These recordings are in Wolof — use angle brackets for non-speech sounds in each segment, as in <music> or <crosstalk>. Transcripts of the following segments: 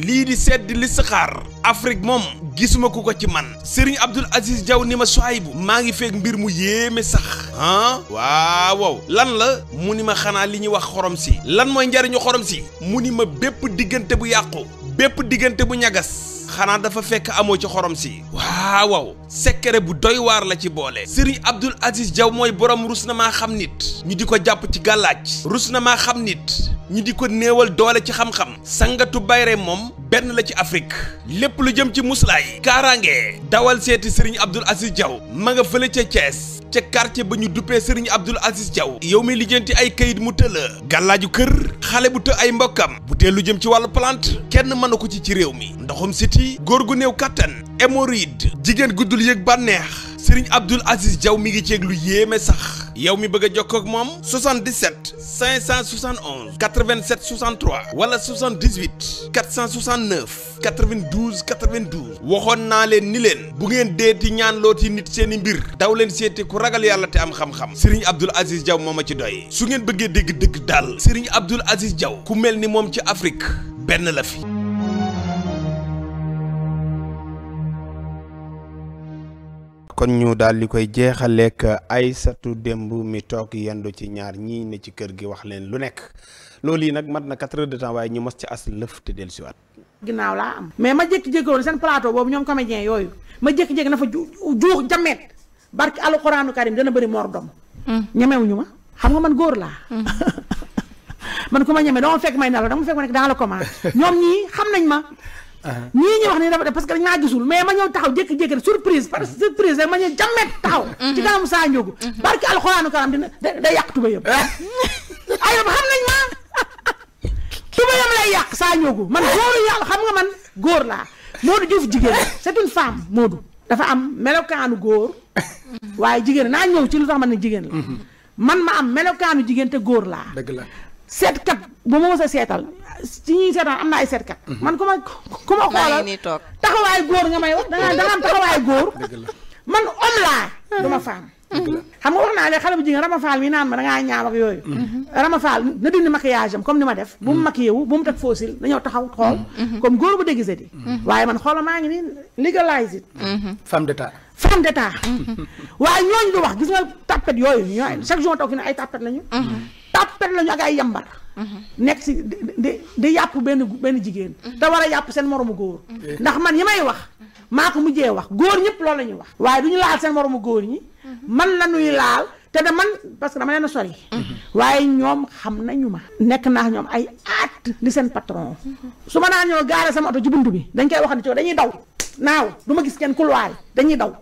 lii di sedd li saxaar Afrique moom gisuma ku ko ci man Serigne Abdoul Aziz Diaw ni ma bu maa ngi feeg mbir mu yéeme sax ah waaw lan la mu ni ma xanaa li ñuy wax xorom si lan mooy njariñu xorom si mu ni ma bépp diggante bu yàqu bépp diggante bu ñagas xanaa dafa fekk amoo ci xorom si waaw waaw secret bu doy waar la ci boole Serigne Abdoul Aziz Diaw mooy borom rus na maa xam nit ñu di ko jàpp ci gàllaaj rus na maa xam nit ñu di ko néewal doole ci xam-xam sangatu bayre moom benn la ci Afrique lépp lu jëm ci muslaay kaaraange dawal seeti Serigne Abdoul Aziz Diaw ma nga fële ca cees ca quartier ba ñu duppee Serigne Abdoul Aziz Diaw yow mi lijjanti ay kayit mu tëla gàllaaju kër xale bu të ay mbokkam bu lu jëm ci wàllu plante kenn mënu ko ci ci réew mi ci góor gu néew kattan hémorroïde jigéen guddul yëg bànneex Sëriñ Abdul Aziz jaw mi ngi ceeg lu yéeme sax yow mi bëgg a jokkoo ak moom 77 571 87 wala 78 469 92 92 waxoon naa leen ni leen bu ngeen deeti ñaan yi nit seeni mbir daw leen seeti ku ragal yàlla te am xam-xam Sëriñ Abdul Aziz jaw moom ma ci doy su ngeen bëggee dégg dëgg daal Sëriñ Abdul Aziz Diaw ku mel ni moom ci Afrique benn la fi. kon ñu daal di koy jeexal jeexaleek Aysatu démb mi toog yendu ci ñaar ñii ne ci kër gi wax leen lu nekk loolu yi nag mat na quatre heures de temps waaye ñu mos ci as lëf te dellu siwaat ginnaaw laa am mais ma jékki-jékki woon seen plateau boobu ñoom comédien yooyu ma jékki-jékki na fa juux jameet barki alxuraanu karim dana bëri moor dom mm. ñemewuñu ma xam nga man góor laa mm. <laughs> man ku ma ñeme dama fekk may nelaw dama fekk ma nekk dans le coma <laughs> ñoom ñii xam nañ ma ñii ñu wax ni dafa def parce que dañ maa gisul mais ma ñëw taxaw jékki-jékki surprise par surprise rek ma ñëw jammet taxaw mhm. ci kanamu saa njóogu mhm. mhm. barki alxuraanu karam dina day yàq tuba yëpp ah. aywa xam nañ ma tuba yëpp lay yàq saa njóogu man góoru yàlla xam nga man góor laa Modou Diouf jigéen c'est une femme Modou dafa am melokaanu góor waaye jigéen naa ñëw ci lu tax man ne jigéen la man ma am melokaanu jigéen te góor laa dëgg la seetkat bu ma mos a seetal ci ñuy seetaan am na ay seetkat. Mhm. man ku ma ku ma xoolal taxawaay góor nga may wax da nga am taxawaay góor. man homme laa mhm. du ma femme. xam nga naa ne xale bu jigéen Rama Fall mi naan ma da ngaa ñaaw ak yooyu. Mhm. comme ni ma def. bu mu maquillé wu bu mu teg fossile dañoo taxaw xool. bu déguisé di. waaye man xoolal maa ngi nii légalise it. femme d'état. femme d'état. waaye ñooñu wax gis nga tapet yooyu ñooy chaque jour toog fi ne ay tapet lañu. tàppet lañu ak ay yambar. nekk si di di yàpp benn benn jigéen. Mhm. te war a yàpp seen moroomu góor. Mhm. Eh. ndax man yi may wax mhm. maa ko mujjee wax góor ñëpp loolu la ñuy wax. waaye du ñu laal seen moromu góor ñi. man la ñuy laal te de man parce que dama leen a sori. waaye ñoom xam nañu ma. nekk naa ñoom ay at di seen patron. su ma naa ñoo gaaree sama oto ci bunt bi dañ koy wax ne coow dañuy daw naaw du ma gis kenn couloir dañuy daw.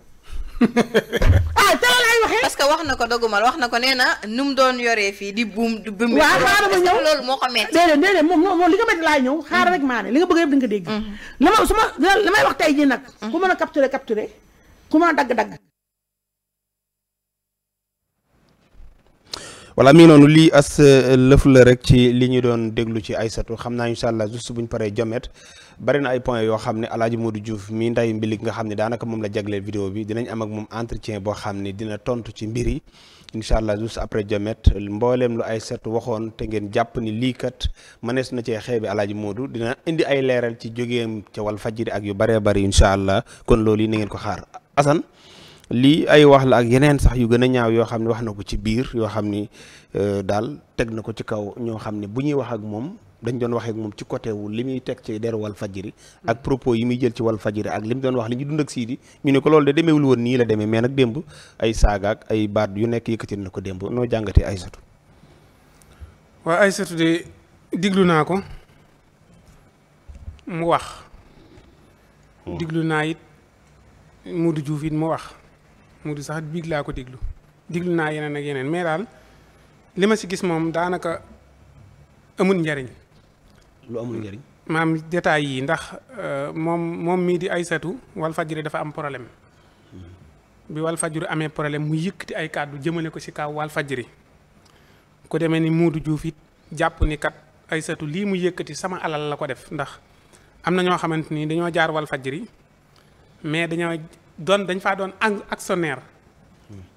<laughs> ah te loolu ay waxee. parce que wax na ko dogumal wax na ko nee na nu mu doon yore fii di buum di buum. waaw xaaral ma ñëw loolu moo ko métti. déedéet déedéet moom moom mm. li nga métti laay ñëw xaaral rek di nga dégg. Mm-hmm. la ma su ma li may wax tey jii nag. Mm. ku mën a capturer capturer ku mën a dagg-dagg. voilà mi ngi noonu lii as lëf la rek ci li ñu doon déglu ci Aïssatou xam naa incha allah juste buñ paree jomet bari na ay point yoo xam ne alaaji Modou Diouf mi nday mbilik nga xam ne daanaka moom la jagleel vidéo bi dinañ am ak moom entretien boo xam ne dina tontu ci mbir yi incha allah juste après Jomet mbooleem lu ay set waxoon te ngeen jàpp ni lii kat mënees na cee xeebi alaaji Modou dina indi ay leeral ci jógeem ca wal fajiri ak yu bëree bëri incha allah kon loolu yi na ngeen ko xaar Assane lii ay wax la ak yeneen sax yu gën a ñaaw yoo xam ne wax na ko ci biir yoo xam ni euh, daal teg na ko ci kaw ñoo xam ne bu ñuy wax ak moom dañ doon waxee ak moom ci côté wu li muy teg ci deru wal fajiri mm. ak propos yi muy jël ci wal fajiri ak li mu doon wax li ñu dund ak Sidi ñu ne ko loolu de demeewul woon nii la demee mais nag démb ay saaga ak ay baat yu nekk yëkkati na ko démb noo jàngatee Aysatu waa Aysatu de diglu naa ko mu wax mm. diglu naa it Modou Diouf it mu wax Modou sax biig laa ko diglu diglu naa yeneen ak yeneen mais daal li ma si gis moom daanaka amul njariñ lu amul maam détails yi ndax euh, moom moom mii di ay Aysatu Walfadjri dafa am problème bi Walfadjri amee problème mu yëkkati ay kàddu jëmale ko ci kaw Walfadjri ku demee ni Moodu Juuf it jàpp ni kat Aysatu lii mu yëkkati sama alal la ko def ndax am na ñoo xamante ni dañoo jaar Walfadjri mais dañoo doon dañ faa doon actionnaire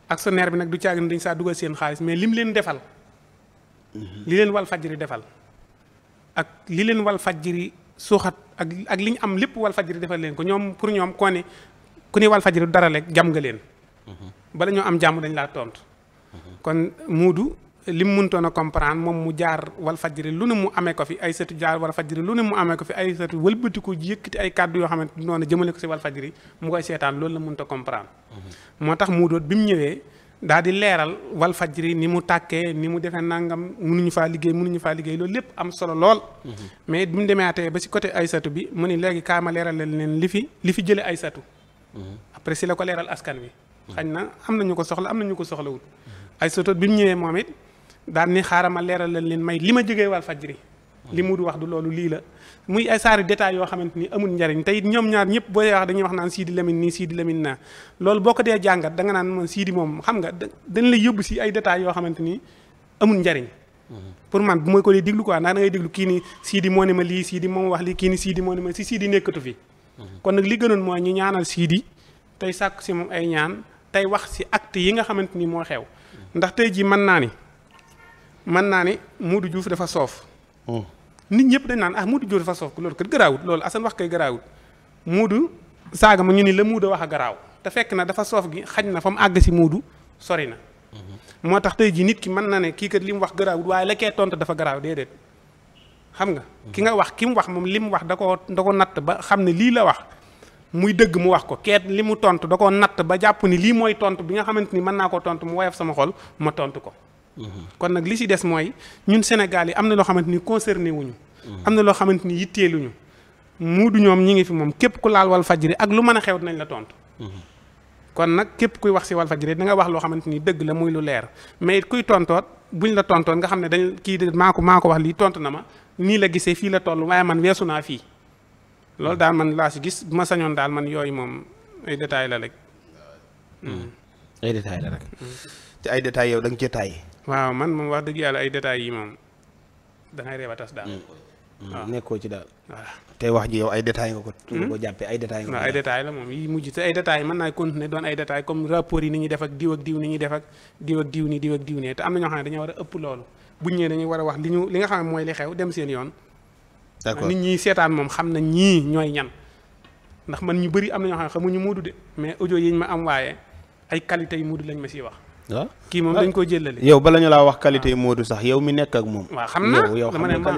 actionnaire bi nag du caagin dañ saa dugal seen xaalis mais li mu leen defal. Mhm. li leen Walfadjri defal. ak li leen wal fajjiri suuxat ak ak li ñu am lépp wal fajjiri defal leen ko ñoom pour ñoom koo ne ku ne wal fajjiri du dara lekk jam nga leen mhm. bala ñoo am jàmm dañ laa tontu mhm. kon muudu li mu mënutoon a comprendre moom mu jaar wal fajjiri lu ne mu amee ko fi ay sëtu jaar wal fajjiri lu ne mu amee ko fi ay sëtu wëlbatiku yëkkati ay kàddu yoo xamante noonu jëmale ko si wal fajjiri mu koy seetaan loolu la mënut a comprendre mhm. moo tax muudoot bi mu ñëwee daa di leeral wal fajri ni mu tàkkee ni mu defee nangam munuñu faa liggéey mënuñu faa liggéey loolu lépp am solo lool. Mm-hmm. mais bi mu demaatee ba si côté ay aysatu bi mu ni léegi kaa ma leeral leen li fi li fi jëlee aysatu. Mm-hmm. après si la ko leeral askan wi. Mm-hmm. xañ na am na ñu ko soxla am na ñu ko soxlawul. aysatu bi mu ñëwee moom it daan ni xaaral ma leeral leen may li ma jógee wal fajri. li mu du wax du loolu lii la. muy ay saari détails yoo xamante ni amul njariñ te it ñoom ñaar ñëpp booy wax dañuy wax naan Sidi Lamine nii Sidi Lamine naa loolu boo ko dee jàngat da nga naan man Sidi moom xam nga dañ lay yóbbu si ay détails yoo xamante ni amul njariñ mm-hmm. pour man bu ma ko dee déglu quoi ndax da ngay kii ni Sidi moo ne ma lii Sidi moom wax lii kii ni Sidi moo ne ma si Sidi nekkatu fi mm-hmm. kon nag li gënoon mooy ñu ñaanal Sidi tey sàkku si moom ay ñaan tey wax si acte yi nga xamante ni moo xew mm-hmm. ndax tey ji mën naa ni mën naa ni Modou Diouf dafa soof nit ñëpp dañ naan ah Moodu Jóob dafa soof loolu kat garaawut loolu Assane wax kay garaawut muudu saaga ma ñu ni la Moodu wax a garaaw te fekk na dafa soof gi xaj na fa mu àgg si muudu sori na mm-hmm. moo tax tey jii nit ki mën na ne kii kat li mu wax garaawut waaye la kee tontu dafa garaaw déedéet xam nga mm-hmm. ki nga wax ki mu wax moom li mu wax da koo da ko natt ba xam ne lii la wax muy dëgg mu wax ko keet li mu tontu da koo natt ba jàpp ni lii mooy tont bi nga xamante ni mën naa ko tontu mu woyof sama xol ma tontu ko kon nag li si des mooy ñun Sénégal yi am na loo xamante ni concerné wuñu am na loo xamante ni yitteeluñu muudu ñoom ñi ngi fi moom képp ku laal wal fajri ak lu mën a xew nañ la tontu. kon nag képp kuy wax ci wal fajri da nga wax loo xamante ni dëgg la muy lu leer mais kuy tontoot ñu la tontoon nga xam ne dañ kii de maa ko maa ko wax lii tontu na ma nii la gisee fii la toll waaye man weesu naa fii loolu daal man laa si gis bu ma sañoon daal man yooyu moom ay détails la rek. Hmm. ay détails ay détails yow da nga cee taay waaw man moom wax dëgg yàlla ay détails yi moom dangay reeba tas daal. Mm. Mm. nekkoo ci daal. te wax ji yow ay détails nga ko. nga hmm? ko jàppee ay détails la moom yi mujj te ay détails mën naa continuer doon ay détails comme rapport yi ni ñuy def ak diw ak diw ni diw ak diw ak diw ne te am na ñoo xam ne dañoo war a ëpp loolu bu ñëwee dañuy war a wax li ñu li nga xam ne mooy li xew dem seen yoon. d'accord nit ñi seetaan moom xam na ñii ñooy ñan ndax man ñu bëri am na ñoo xam ne xamuñu Modou de mais audio yi ñu ma am waaye ay qualité yu lañ ma siy wax waaw ah? kii moom ah. dañ ko jëlale yow bala ñu laa wax qualité ah. Modou sax yow mi nekk ak moom waaw xam naa yow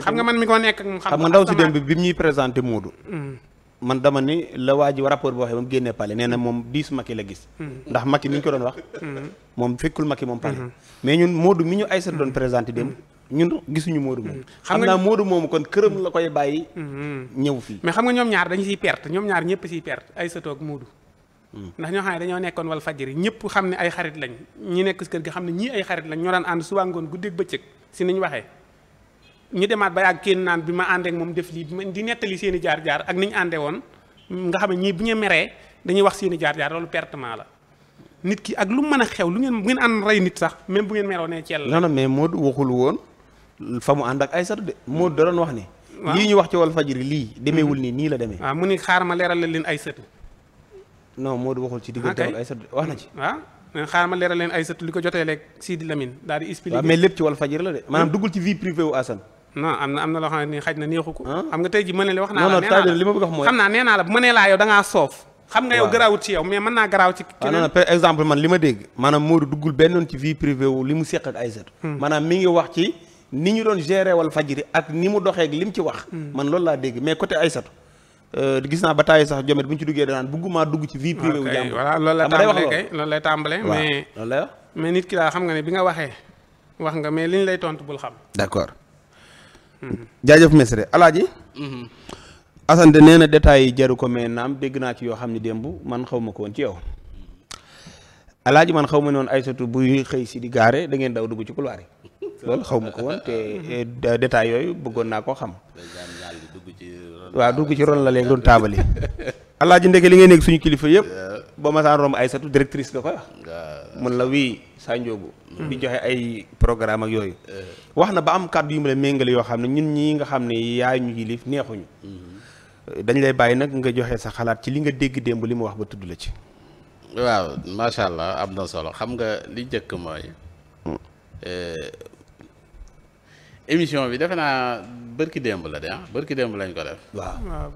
xam nga man mi ko nekk ak moom xam nga ndaw si dem bi bi ñuy présenté Modou mm. man dama ni la waa ji rapport boo waxee ba mu génnee pale nee na moom diis Macky mm. ñu ko doon wax mm. moom fekkul Macky moom pale mm-hmm. mais ñu Aïssata doon présenté dem ñun gisuñu Modou moom moomu kon këram la koy bàyyi mm-hmm. ñëw fii mais xam nga ñoom ñaar dañ siy perte ñoom ñaar ñëpp siy perte Aïssata ak Modou ndax ñoo xam ne dañoo nekkoon wal fajiri ñëpp xam ne ay xarit lañ ñi nekk si kër gi xam ne ñii ay xarit lañ ñoo daan ànd suba ngoon guddeeg bëccëg si niñ waxee ñu demaat ba yàgg kenn naan bi ma àndeek moom def lii di nettali seen i jaar jaar ak ni ñu àndee woon nga xam ne ñii bu ñu meree dañuy wax seen jaar jaar loolu pertement la nit ki ak lu mën a xew lu ngeen bu ngeen ànd rey nit sax même bu ngeen meroo nee ci yàlla non non mais Modou waxul woon fa mu ànd ak Aïssatou de hmm. Modou da doon wax ni lii ñu wax ci wal fajiri lii demeewul nii nii la demee waaw mu ne xaar ma leeral leen Aïssatou non Modou waxul ci diggante ak ah, Aïssatou wax na ci waaw ah, mais xaaral leeral leen Aïssatou li ko jotee leeg Sidi daal di expliquer mais lépp ci Walf Fadjri hmm? ci am na am na loo na neexu ko xam nga tey ji mëne la wax naa la la ma naa nee naa la bu mënee laa yow da ngaa soof xam nga yow garaawut ci yow mais mën naa garaaw ci ah, keneen par man li ma dégg maanaam Modou duggul benn ci vie privée li mu seq ak Aïssatou hmm. maanaam mi ngi wax ci ni ñu doon gérer Walf Fadjri ak ni mu doxee ak li mu ci wax hmm. man loolu laa dégg mais côté Aïssatou Euh, gis naa ba tàyyi sax jomet bu ñu ci duggee danaan bëgguma dugg ci vie privée wu jàmm voilà la tàmbalee kay loolu lay tàmbalee mais la mais nit ki daal xam nga ne bi nga waxee wax nga mais li ñu lay tontu bul xam d'accord mhm. jaajëf mesre alaaji mhm. asante nee na détails yi jaru ko mais naam dégg naa ci yoo xam ne démb man xaw ma ko woon ci yow alaaji man xaw ma ne woon ay sotu buy xëy si di gaare da ngeen daw dugg ci couloir yi <laughs> loolu xaw ma ko woon te détails yooyu bëggoon naa koo xam waaw dugg ci ron la léegi doon taabali alaaji ndeke li ngay nekk suñu kilifa yëpp ba ma saan romb Aysatu directrice nga koy wax mun la wii saa njoogu mm. di joxe ay programme ak yooyu wax na ba am kàddu yu ma la yoo xam ne ñun ñii nga xam ne yaa ñu yilif neexuñu mm-hmm. dañ lay bàyyi nag nga joxe sa xalaat ci li nga dégg démb li mu wax ba tudd la ci waaw macha allah am na solo xam nga li njëkk mooy mm. eh, émission bi defe naa bërki démb la de ah bërki démb lañ ko def. waaw waaw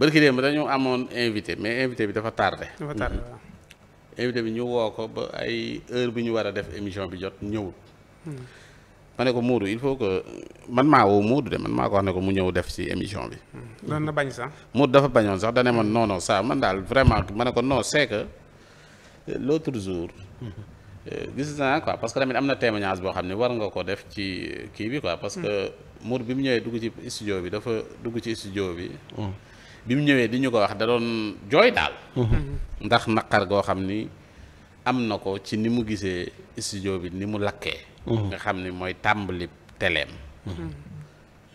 bërki démb la. amoon invité mais invité bi dafa tardé. dafa tardé mm-hmm. waaw. invité bi ñu woo ko ba ay heure bi ñu war a def émission bi jot ñëwut. Hmm. ma ne ko Moodu il faut que man maa woo Moodu de man maa ko wax ne ko mu ñëw def ci émission bi. Hmm. doon dafa bañoon sax da ne ma non non ça man daal vraiment ma ne ko non c'est que jour. Mm-hmm. Euh, gis naa quoi parce que am na témoignage boo xam ne war nga ko def ci kii bi quoi parce muur bi mu ñëwee dugg ci studio bi dafa dugg ci studio bi. Mm. bi mu ñëwee di ñu ko wax da doon jooy daal. Mm-hmm. Mm-hmm. ndax naqar goo xam ni am na ko ci ni mu gisee studio bi ni mu lakkee. Mm-hmm. nga xam ni mooy tàmbali teleem.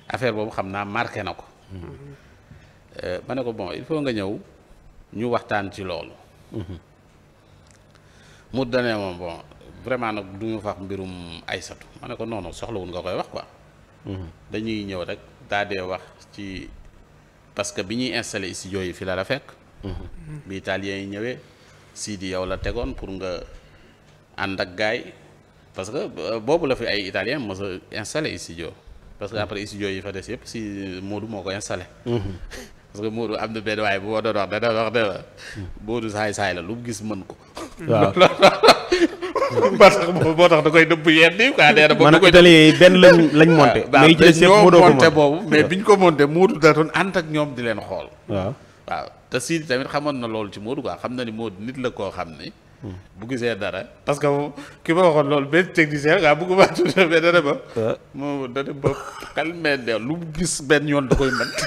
affaire boobu xam naa marqué na ko. Euh, ma ne ko bon il faut nga ñëw ñu waxtaan ci loolu. mu dane moom bon vraiment nag du ñu fax mbirum Aysatu ma ne ko noonu non soxlawul nga koy wax ko dañuy ñëw rek daa dee wax ci parce que bi ñuy installé studio yi fi la la fekk. bi italien yi ñëwee Sidi yow la tegoon pour nga ànd ak gaay parce que euh, boobu la fi ay italien mos a installé studio parce que après studio yi fa des yëpp si Moodu moo ko installé. parce que Moodu am na benn waaye bu ma doon wax da doon wax da Moodu saay saay la lu gis mën ko. waaw <laughs> ba tax boo tax da koy dëbb yenn yi quoi nee na boobu da koy italien yi benn lañ lañ monté mais ci ñoo monté boobu mais biñ ko monté moo da doon ànd ak ñoom di leen xool waaw te Sidi tamit xamoon na loolu ci Modou waa xam na ni moo nit la koo xam ni hmm. bu gisee dara parce que ki ma waxoon loolu benn technicien waaw bëgguma <laughs> tudd mais dana ba moo dana ba xel mel ne lu mu gis benn yoon da koy mën <laughs>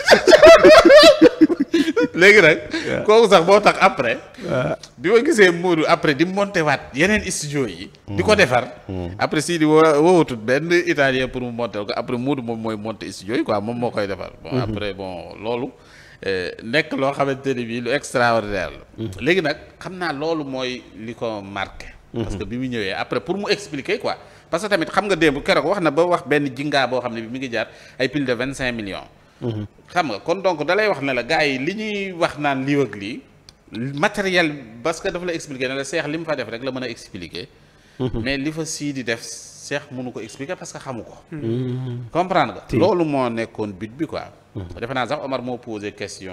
<laughs> léegi nag. kooku sax boo tax après. bi ma gisee Modou après di monté waat yeneen studio yi. di ko mm. defar. Mm. après si di wo woowatut benn italien pour mu monté ko après Modou moom mooy monté studio yi quoi moom moo koy defar. bon mm-hmm. après bon loolu. Eh, nekk loo xamante ni bii lu extraordinaire la. Mm-hmm. léegi nag xam naa loolu mooy li ko marqué. parce que mm-hmm. bi mu ñëwee après pour mu expliquer quoi parce que tamit xam nga démb keroog wax na ba wax benn jingaa boo xam ne bi ngi jaar ay pile de vingt cinq millions. xam nga kon donc dalay wax ne la gars yi li ñuy wax naan lii ak lii matériel parce que dafa la expliquer ne la seex li mu fa def rek la mën a expliquer. Mhm. mais li fa sii di def seex mënu ko expliquer parce que xamu ko. Mhm. comprendre nga. loolu moo nekkoon but bi quoi. Mhm. defe naa sax Omar moo posé question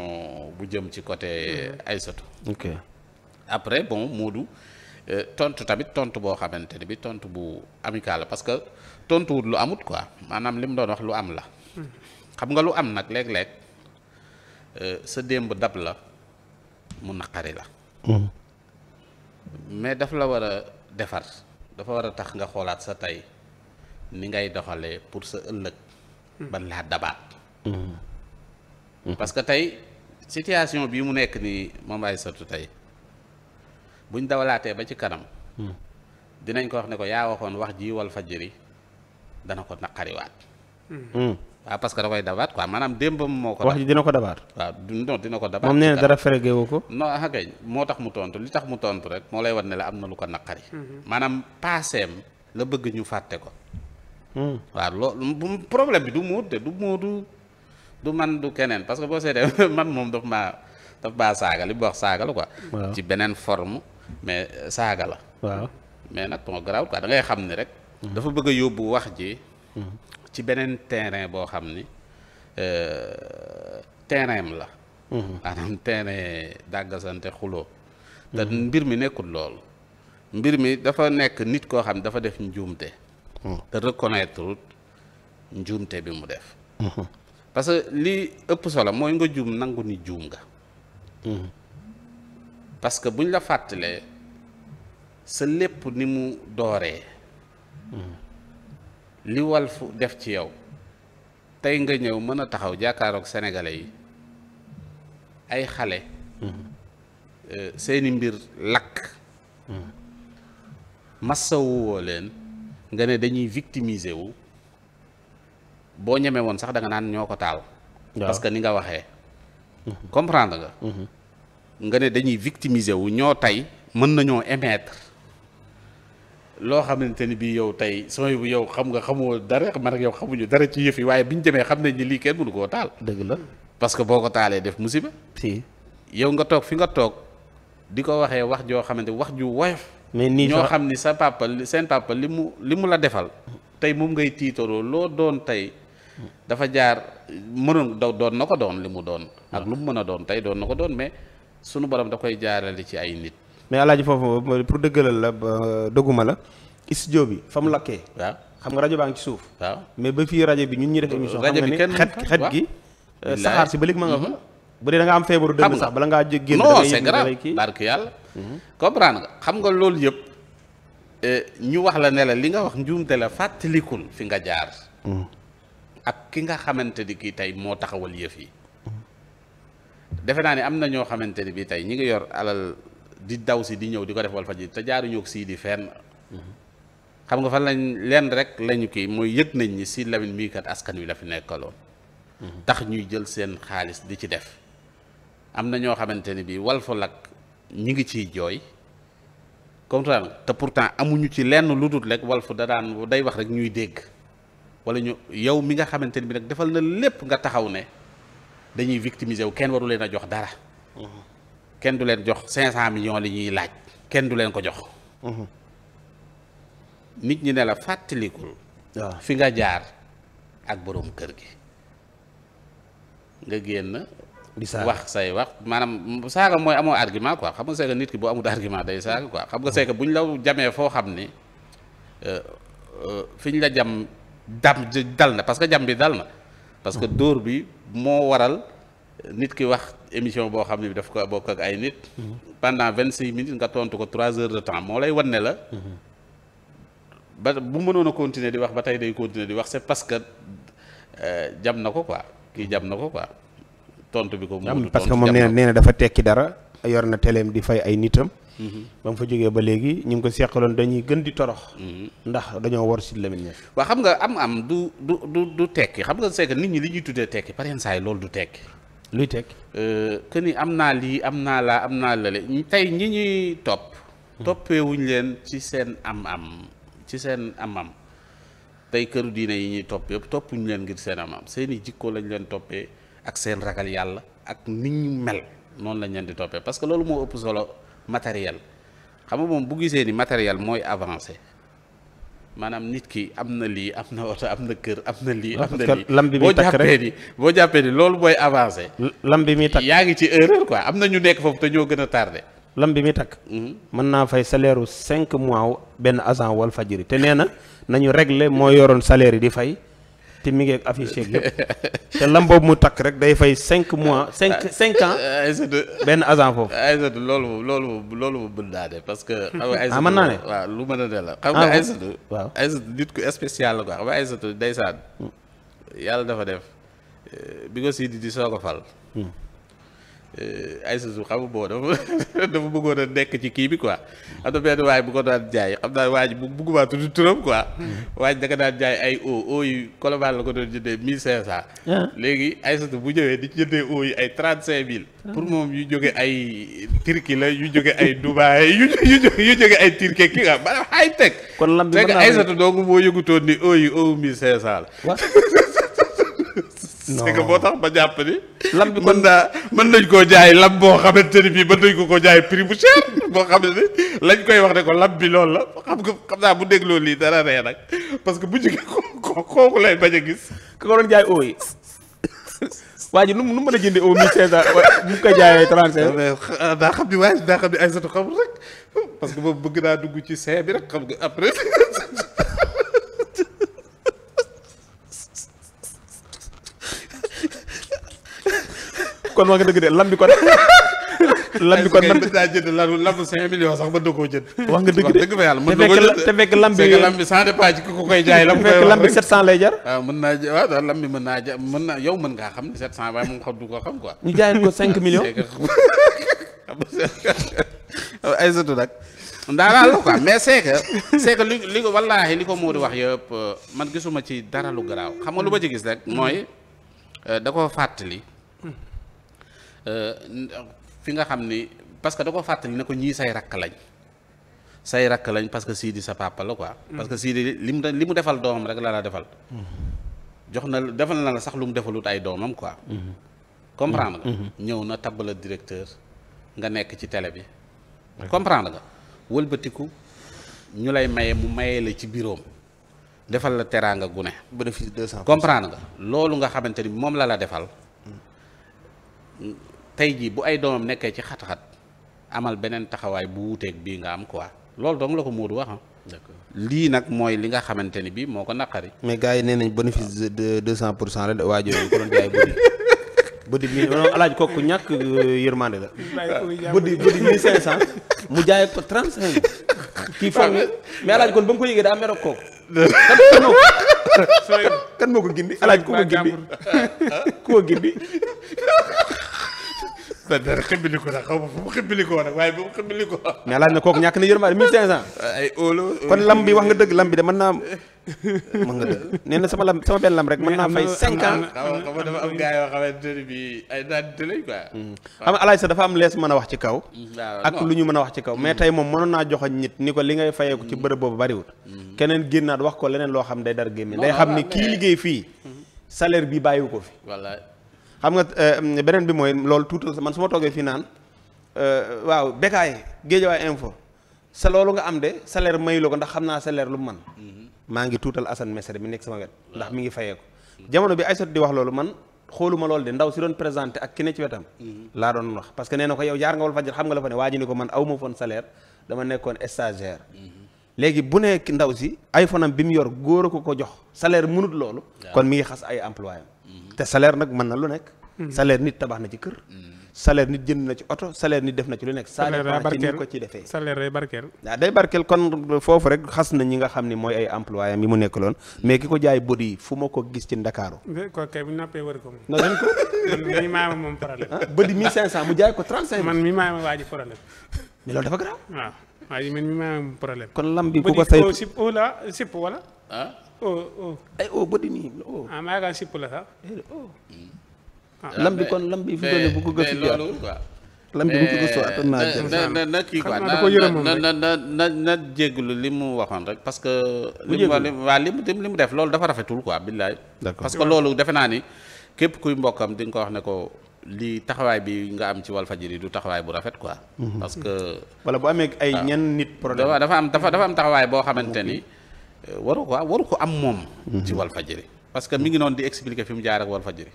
bu jëm ci côté Aïssatou. ok après bon Moodu euh, tontu tamit tontu boo xamante ne bi tontu bu amical la parce que tontuwut lu amut quoi maanaam li mu doon wax lu am la. xam nga lu am nag léeg-léeg euh, sa démb dab la mu naqari la hmm. mais daf la war a defar dafa war a tax nga xoolaat sa tey ni ngay doxalee pour sa ëllëg hmm. ban laa dabaat hmm. parce que tey situation bii mu nekk nii moom ay sotu tey buñ dawalaatee ba ci kanam dinañ ko wax ne ko yaa waxoon wax ji Walfadjri dana ko naqariwaat waaw ah, parce que da koy dabaat quoi maanaam démbam moo ko. wax ji dina ko dabaat. waaw dina ko dabaat. moom nee na dara ferege ko. non ah moo tax mu tontu li tax mu tontu rek moo lay wan ne la am na lu ko naqari. Mhm. maanaam paaseem la bëgg ñu fàtte ko. Hmm. waaw loolu problème bi du mu de du mu du du man du keneen parce que boo seetee <laughs> man moom daf ma daf baa saaga li mu wax saaga la ko ci beneen forme mais saaga la. waaw mais nag bon garaaw quoi da ngay xam ni rek. Hmm. dafa bëgg yóbbu wax ji. Hmm. ci beneen terrain boo xam ni euh, terrain la. Mhm. maanaam terrain dàggasante xuloo. te mhm. mbir mi nekkul loolu. mbir mi dafa nekk nit koo xam ne dafa def njuumte. Mhm. te reconnaître njuumte bi mu def. parce que li ëpp solo mooy nga juum nangu ni juum nga. parce que buñ la fàttalee sa lépp ni mu dooree. li Walf def ci yow tey nga ñëw mën a taxaw jàkkaarook sénégalais yi ay xale mm-hmm. eh, seeni mbir lakk mm-hmm. massawu leen nga ne dañuy victimiser wu boo ñemee woon sax danga nga naan ñoo ko taal parce que ni nga waxee mm-hmm. comprendre nga nga ne dañuy victimiser wu ñoo tey mën nañoo émettre loo xamante ni bii yow tey sooy bu yow xam nga xamoo dara man ak yow xamuñu dara ci yëf yi waaye ñu demee xam nañ ni lii kenn mënu koo taal. dëgg la parce que boo ko taalee def musiba. si yow nga toog fi nga toog di ko waxee wax joo xamante wax ju woyof. mais nii ñoo xam ni sa papa seen papa li mu li mu la defal. tey moom ngay tiitaroo loo doon tey. dafa jaar mënoon doon na ko doon li mu doon. ak lu mu mën a doon tey doon na ko doon mais sunu borom da koy jaarale ci ay nit. mais alaaji foofu pour dëggalal la euh, dëgguma la studio bi fa mu lakkee waaw xam nga rajo baa ngi ci suuf waaw mais ba fii rajo bi ñun ñi def émission xam nga ni xet xet gi euh, saxaar si ba léegi ma nga mm-hmm. da nga am feebaru dëgg sax bala ngaa jóg génn non c'est grave barke yàlla mm-hmm. nga xam nga loolu yëpp euh, ñu wax la ne la li nga wax njuumte la fàttalikul fi nga jaar mm-hmm. ak ki nga xamante ni kii tey moo taxawal yëf yi defe naa ni am na ñoo xamante ni bii tey ñu ngi yor alal di daw si di ñëw di ko def faj te jaaruñu sii di fenn. xam nga fan lañ leen rek lañu kii mooy yëg nañ ñi si Lamine mii askan wi la fi nekkaloon. tax ñuy jël seen xaalis di ci def. am na ñoo xamante ne bii Walf lak ñi ngi ciy jooy. comprendre te pourtant amuñu ci lenn lu dul rek Walf da daan day wax rek ñuy dégg. wala ñu yow mi nga xamante ne bii nag defal na lépp nga taxaw ne dañuy victimiser wu kenn waru leen a jox dara. kenn du leen jox 500 millions li ñuy laaj kenn du leen ko jox. Mhm. nit ñi ne la fàttalikul. waaw fi nga jaar ak boroomu kër gi nga génn. di saaga wax say wax maanaam saaga mooy amoo argument quoi xam nga c'est que nit ki boo amul argument day saaga quoi xam nga c'est bu buñ la jamee foo xam ni euh, euh, fiñ la jam dam dal na parce que jam bi dal na. parce dóor bi moo waral nit ki wax émission boo xam ne bi daf ko bokk ak ay nit. pendant vingt six minutes nga tontu ko trois heures de temps moo lay wan ne la. ba bu mënoon a continuer di wax ba tey day continuer di wax c'est parce que euh, jam na ko quoi kii jam na ko quoi tontu bi ko. mu parce que moom nee na dafa tekki dara yor na teleem di fay ay nitam. Mhm. ba mu fa jógee ba léegi ñu ngi ko seqaloon dañuy gën di torox. Mhm. ndax dañoo war si Lamine Niass. waaw xam nga am-am du du du du tekki xam nga c'est nit ñi li ñuy tuddee tekki par yenn loolu du tekki. luy teg euh, que ni am naa lii am naa laa am naa lale tey ñi ñuy topp. Hmm. toppewuñ leen ci seen am-am ci seen am-am tey këru diine yi ñuy topp yëpp toppuñ leen ngir seen am-am seeni jikkoo lañu leen toppee ak seen ragal yàlla ak ni ñu mel noonu lañ leen di toppee parce que loolu moo ëpp solo matériel xam nga moom bu gisee ni matériel mooy avancé. maanaam nit ki am na lii am na oto am na kër am na lii. am na lii lam bi muy takk rek boo jàppee ni boo jàppee ni loolu booy avancé. lam bi muy takk yaa ngi ci erreur quoi am na ñu nekk foofu te ñoo gën a tardé. lam bi muy takk. Mhm. mën naa fay salaire u cinq mois benn agent Walfadjri te nee na nañu réglé moo yoroon salaire yi di fay. te mi ngi ak te lam boobu mu takk rek day fay cinq mois cinq cinq ans. Aïssatou benn agent foofu. Aïssatou loolu loolu loolu mën naa de parce que. <laughs> ah mën naa ne waaw lu mën a de la. xam ah, nga Aïssatou waaw Aïssatou nit ku spécial la quoi xam nga Aïssatou ndeysaan hmm. yàlla dafa def eh, bi ko sii di soog fal. Hmm. Euh, Aïssatou xam nga boo dafa <laughs> dafa bëggoon a nekk ci kii bi quoi am na benn waay bu ko daan jaay xam naa waa ji bu bëgguma tudd turam quoi. Hmm. waa ji da nga daan jaay ay eau eau yi Colobane la ko doon jëndee 1500. Ah. léegi Aïssatou bu ñëwee di jëndee eau yi ay 35000. Ah. pour moom yu jóge ay Turquie la yu jóge ay Dubaay yu <laughs> yu jóge ay Turquie kii nga maanaam high tech. kon lan bi mën naa Aïssatou dong moo yëgutoon ni eau yi eau 1500 la. <laughs> c'est que tax ba jàpp ni. lam bi kon daa mën nañ koo jaay lam boo xamante ni bii mën nañ ko koo jaay prix bu cher boo xam ne lañ koy wax ne ko lam bi loolu la xam nga xam naa bu dégloo lii dara ree nag parce que bu njëkk ko kooku lay gis. ku ko doon jaay oo yi ji lu mu nu mu mën a jëndee au mille cinq cent bu ko jaayee trente cinq. Euh, daa xam ni waaye daa xam ni ay sotti xamul rek parce que boobu bëgg naa dugg ci see bi rek xam nga après. <laughs> kon wax nga lam bi kon. <laughs> lam bi kon man daa jënd lamu cinq millions sax mën na koo jënd. wax nga dëgg yàlla mën na koo jënd te fekk lam bi fekk lam bi sans départ <laughs> lay jar. waaw ah, mën naa waaw daal lam bi mën naa ja mën naa yow mën ngaa xam ne 700 waaye moom xam du ko xam quoi. ñu jaayal ko 5 <laughs> millions. ay sotu nag. daanaa la quoi mais c'est que c'est li li ko wallaahi li ko moo di wax yëpp man gisuma ci dara lu garaaw xam nga lu ma ci gis rek mooy euh, da ko fàttali Euh, fi nga xam ni parce que da ko fàttali ne ko ñii say rakk lañ say rakk lañ parce que Sidi sa papa ko quoi. Mm. parce que Sidi li mu li mu defal doomam rek la la defal. Mm. jox na defal na la sax lu mu defalut ay doomam quoi. Mm-hmm. Mm-hmm. comprendre nga. Mm-hmm. ñëw na tabb la directeur nga nekk ci tele bi. comprendre nga wëlbatiku ñu lay maye mu mayee la ci biroom defal la teraanga gune. bénéfice 200 comprendre nga loolu nga xamante ni moom la la defal. tey jii bu ay doomam nekkee ci xat-xat amal beneen taxawaay bu wuuteeg bii nga am quoi loolu dong la ko mu du waxam ah. lii nag mooy li nga xamante ni bii moo ko naqari. mais gars yi nee nañ bénéfice de deux cent pour cent la waajur ko doon jaay bëri bëri mi alaaj kooku ñàkk euh, yërmande la. bëri bëri mille cinq cent mu jaayee ko trente cinq. kii mais alaaj kon ba mu ko yëgee daa mer ak kooku. kan moo ko gindi alaaj ku ko gindi ku ko gindi. te dara xibbiliko nag xaw ma fu mu xibbilikoo de mën naa. mën nga dëgg <laughs> nee na sama rek mën naa fay. 5 ans xam nga dafa am gars yoo xamante ne bii ay naaj mm. lees mën a wax ci kaw. ak lu ñu mën a wax ci kaw mais mm. tey moom mënoon naa joxoon nit ni ko li ngay fayeeku ci mm. bërëb boobu bariwul. keneen génnaat wax ko leneen loo xam day dar gémmi day xam ni kii liggéey fii mm-hmm. salaire bi bàyyiwu ko fi. xam nga euh, beneen bi mooy loolu tuuti man su ma toogee fii naan euh, waaw Bécaye Guédiawaye info sa loolu nga am de salaire mayu la ko ndax xam naa salaire lu mu man mm-hmm. maa ngi tuutal Assane Mesere mi nekk sama wet ndax mi ngi fayee ko jamono bi Aïssatou di wax loolu man xooluma loolu de ndaw si doon présenté ak ki ne ci wetam mm-hmm. laa doon wax parce que nee na ko yow jaar nga wal fajar xam nga la fa ne waa ni ko man aw ma foon salaire dama nekkoon stagiaire mm-hmm. léegi bu ne ndaw si iPhone am bi mu yor góor ko ko jox salaire mënut loolu. kon mi ngi xas ay employé am. Mm-hmm. te salaire nag mën na lu nekk. Mm-hmm. salaire nit tabax na ci kër. Mm-hmm. salaire nit jënd na ci oto salaire nit def na ci lu nekk. salaire na ci ni ko ci defee. salaire day barkeel. waaw day barkeel kon foofu rek xas na ñi nga xam ni mooy ay employé am yi mu nekk loon mais ki ko jaay body yi fu ma ko gis ci Ndakaaru. ko kay bu ñu nappee wër moom. non ko man mi maa ma moom problème. Ah, body 1500 mu jaay ko 35. man mi maa ma waaj problème. mais loolu dafa garaaw. waaw. waaye man kon lam bi ku ko saytu o la sipp wala. ah o o. ay o bëri nii o. lam bi kon lam bi fi doon ko gëstu jaar loolu quoi. lam bi bu ko gëstu at naa jël na na na na na na jégalu li mu waxoon rek parce que. li mu wax waaw li mu li mu def loolu dafa rafetul quoi billaay. parce que loolu defe naa ni képp kuy mbokkam di ko wax ne ko. li taxawaay bi nga am ci Walfadjri du taxawaay bu rafet quoi. Mhm. parce que. wala bu amee ay ñenn nit. problème dafa am dafa dafa am taxawaay boo xamante ni mhm. euh, waru ko waru ko am moom. Mhm. ci Walfadjri parce que mi ngi noonu di expliquer fi mu jaar ak Walfadjri.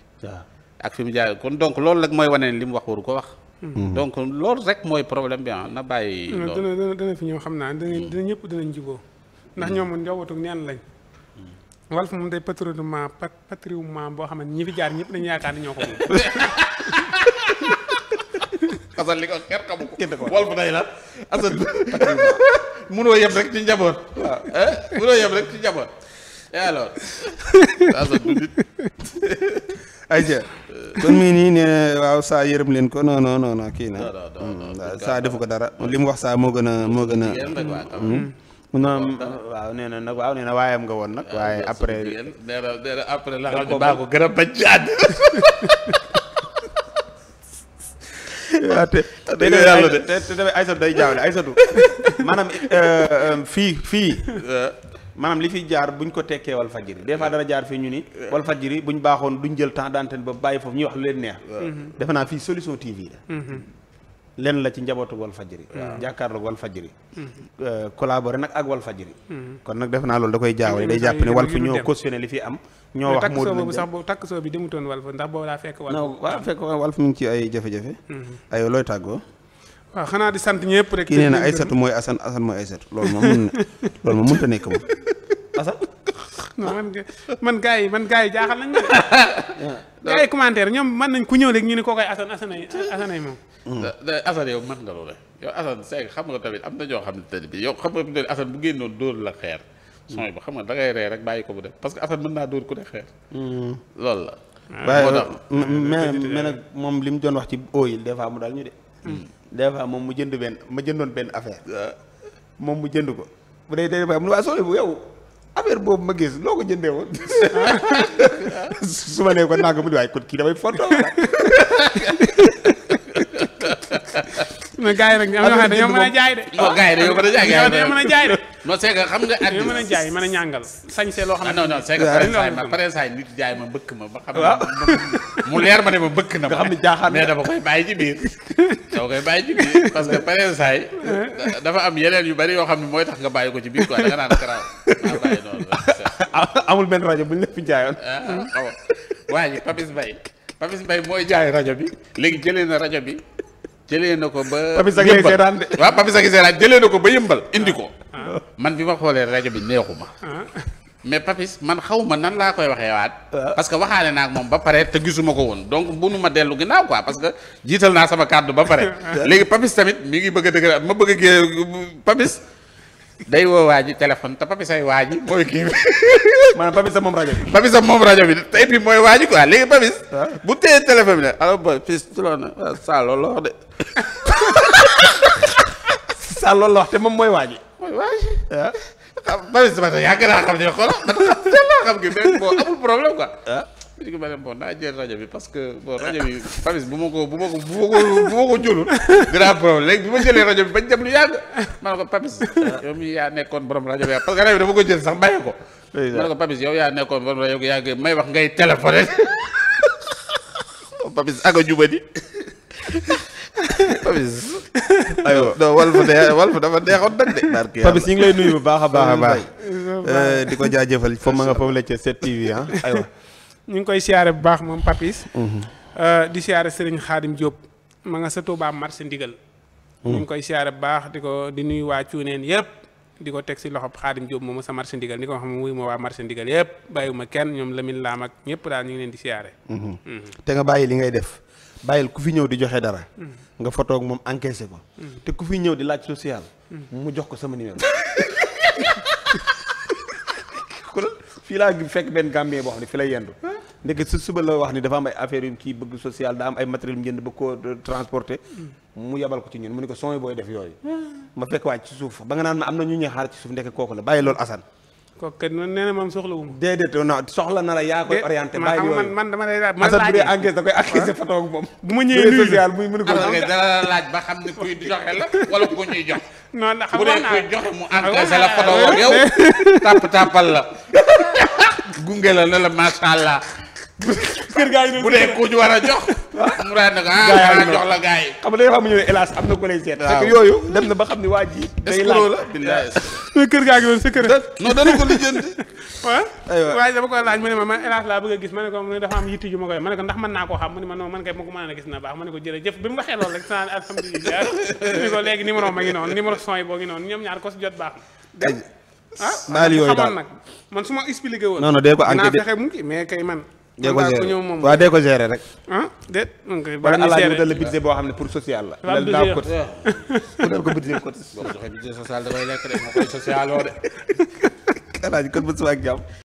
ak fi mu jaar kon donc loolu rek mooy wane ne li mu wax waru ko wax. donc loolu rek mooy problème bi ah na bàyyi. loolu fi ñëw xam naa dana dana ñëpp danañ jubóo. ndax ñoom njabootu neen lañ. Walf moom day patrimoine patrimoine boo xam ne ñi fi jaar ñëpp dañu yaakaar ni ñoo ko moom. <laughs> Assane li ko xeet xamu ko. kenn ko la Assane <laughs> munoo yem rek ci njaboot. waaw munoo yem rek ci <laughs> saa yërëm leen ko non non kii na. Mm, saa defu ko dara li wax saa moo gën a moo gën a. Mm. non mm, waaw nee na nag waaw nee na waayam nga woon nag. Ah, waaye après la nga ko gën a bañ ci àdd <laughs> waaw <laughs> te te tamit Aysatu day jaawle Aysatu <laughs> maanaam euh, euh, fii fii euh, maanaam li fi jaar buñ ko tekkee wal fajiri des fois dana jaar fi ñu ni wal bu buñ baaxoon ñu jël temps d'antenne ba bàyyi foofu ñuy wax lu leen neex defe naa fii solution TV la mm-hmm. lenn la ci njabootu Walfadjri mm-hmm. jàkkaarloog Walfadjri mm-hmm. euh, collaboré nag ak Walfadjri mm-hmm. kon nag def naa loolu da koy jaawale day jàpp ne Walf ñoo cautionné li fi am ñoo wax moo boobu sax boobu takk soo bi demutoon Walf ndax boobu laa fekk Walf non waaw ah. fekk ci ay jafe-jafe ayoo looy tàggoo waaw xanaa di sant ñëpp rek kii nee na Aysatu mooy Assane Assane mooy Aysatu loolu moom mun na <laughs> loolu moom mënta nekk moom Assane man man gars yi man gars yi jaaxal nañ la. <laughs> gars yi commentaire ñoom mën nañ ku ñëw rek ñu ne koo koy Assane Assane Assane moom. Mm. Assane yow mën nga loole yow Assane Seck xam nga tamit am na ñoo xam ne tëdd bi yow xam nga tamit Assane bu génnoon dóor la xeer. Mm. sooy ba xam nga da ngay ree rek bàyyi ko bu def parce que Assane naa dóor ku ne xeer. Mm. loolu la. Ah. waaye mais nag moom li mu doon wax ci eau yi des fois mu daal ñu de. des fois moom mu jënd benn ma jëndoon benn affaire. Ah. moom mu jënd ko bu dee dee ba mu ne waa soo bu yow affaire boobu ma gis loo ko jëndee woon <laughs> su ma nee ko nangam mu di waaye kon kii damay photo mais gars yi rek am na xam ne dañoo mën a jaay de. non gars a jaay gars yi nga. loo xam ne ah, non non c'est que pare saa nit jaay ma bëkk ma ba xam ne <laughs> mu leer ma ne ma bëkk na ma. xam ne jaaxaan mais dafa koy bàyyi ci biir. dafa koy bàyyi parce que pare saa dafa am yeneen yu bari yoo xam ne mooy tax nga bàyyi ko ci biir quoi da nga naan garaaw <laughs> ah, amul benn rajo bu ñu la fi jaayoon. waaw ah, waaye Papis Mbaye Papis Mbaye mooy jaay rajo bi léegi jëlee na rajo bi jëlee na ko ba. Papis ak Seeraan de waaw Papis ak Seeraan jëlee na ko ba yëmbal ah. indi ko. Ah. man bi ma xoolee rajo bi neexuma. Ah. mais Papis man ma nan laa koy waxee waat. parce que waxaale naa moom ba pare te gisuma ko woon donc bunu ma dellu ginnaaw quoi parce que jiital naa sama kàddu ba pare. <laughs> Papis tamit mi ngi bëgg a dëgëraat ma bëgg a gée Papis. day woo waa ji téléphone te Papis ay waa ji mooy kii bi. <laughs> maanaam Papis moom rajo bi. Papis moom rajo bi te et puis mooy waa ji quoi léegi Papis. bu téye téléphone bi ne alors saa euh, loolu la wax de. <laughs> saa loolu la wax te moom mooy waa ji. mooy waa ji waaw. Ah. Ah, xam bari sama te yàgg naa xam ne xoolal man xam <laughs> ah. bi naa jël rajo bi parce que rajo bi Papis bu ma ko bu ma ko bu ma problème léegi bi ma jëlee rajo bi bañ dem lu yàgg ma ne ko Papis yow yaa nekkoon borom rajo bi ko jël sax bàyyi ko ma ne ko Papis yow yaa nekkoon yàgg may wax ngay téléphoné <laughs> Papis aga jubadi Papis <laughs> aywa non Walf de Walf dafa neexoon nag de. Papis ñu ngi lay nuyu bu baax a baax a baax. Eh, di ko jaajëfal foofu ma nga foofu la ah. <laughs> ñu ngi koy siyaare bu baax moom Papis. Mhm. Eh, di siyaare Serigne Khadim Diop. ma nga sa Touba marché ndigal. Mhm. ñu ngi koy siyaare bu baax di ko di nuyu waa Cuuneen yëpp. di ko teg si loxob Xaadim Jóob moom sa marché ndigal ni ko xam muy ma waa marché ndigal yëpp bàyyiwuma kenn ñoom Lamine Laam ak ñëpp daal ñu ngi leen di siyaare. Mhm. te nga bàyyi li ngay def. bàyyil ku fi ñëw di joxe dara. Mm. nga fotoog moom encaissé ko. Mm. te ku fi ñëw di laaj social. Mm. mu jox ko sama numéro. <laughs> kon fii laa fekk benn Gambien boo xam ne fi lay yendu. ndeket su suba la wax ni dafa am ay affaire yu kii bëgg social daa am ay matériel mu jënd bëgg koo euh, transporter. mu yabal ko ci ñun mu ne ko sooy booy def yooyu. ma fekk waaj ci suuf ba nga naan ma am na ñu ñuy xaar ci suuf ndeket kooku la bàyyi loolu asan kooku kat man nee na moom soxla wu ma. déedéet non soxla na la yaa koy orienté. bàyyi yooyu man dama lay laaj. ma laaj bu dee enquête da koy enquêté photo ak moom. bu ma ñëwee nuyu muy mënu ko. la ba xam ne kuy <laughs> joxe la wala ku ñuy jox. non ndax bu dee kuy joxe mu enquêté la photo ak <laughs> tàpp tàppal la <laughs> gunge la ne la macha allah. kër gaa yi bu dee ku war a jox. Mourad nag ah maa jox la gars yi. xam nga dafa am ñu ne hélas na ko la billaay. kër a gis ma ne ko mu ne dafa am yitti ju na ma ne léegi numéro ma ngi noonu numéro son yi boo ngi noonu ñoom ñaar ko si jot baax na. ah xamoon man su ma expliqué woon. non dee ko enquête naa mu ngi mais kay man dee ko gérer waaw dee ko gérer rek. ah déet. man kay bari na gérer wala boo xam ne pour social la. waaw budget la daaw côté. ku nekk ko budget côté. boo ko joxee budget social damay lekk de de. <laughs> alaaji kon bu subaa ak jàmm.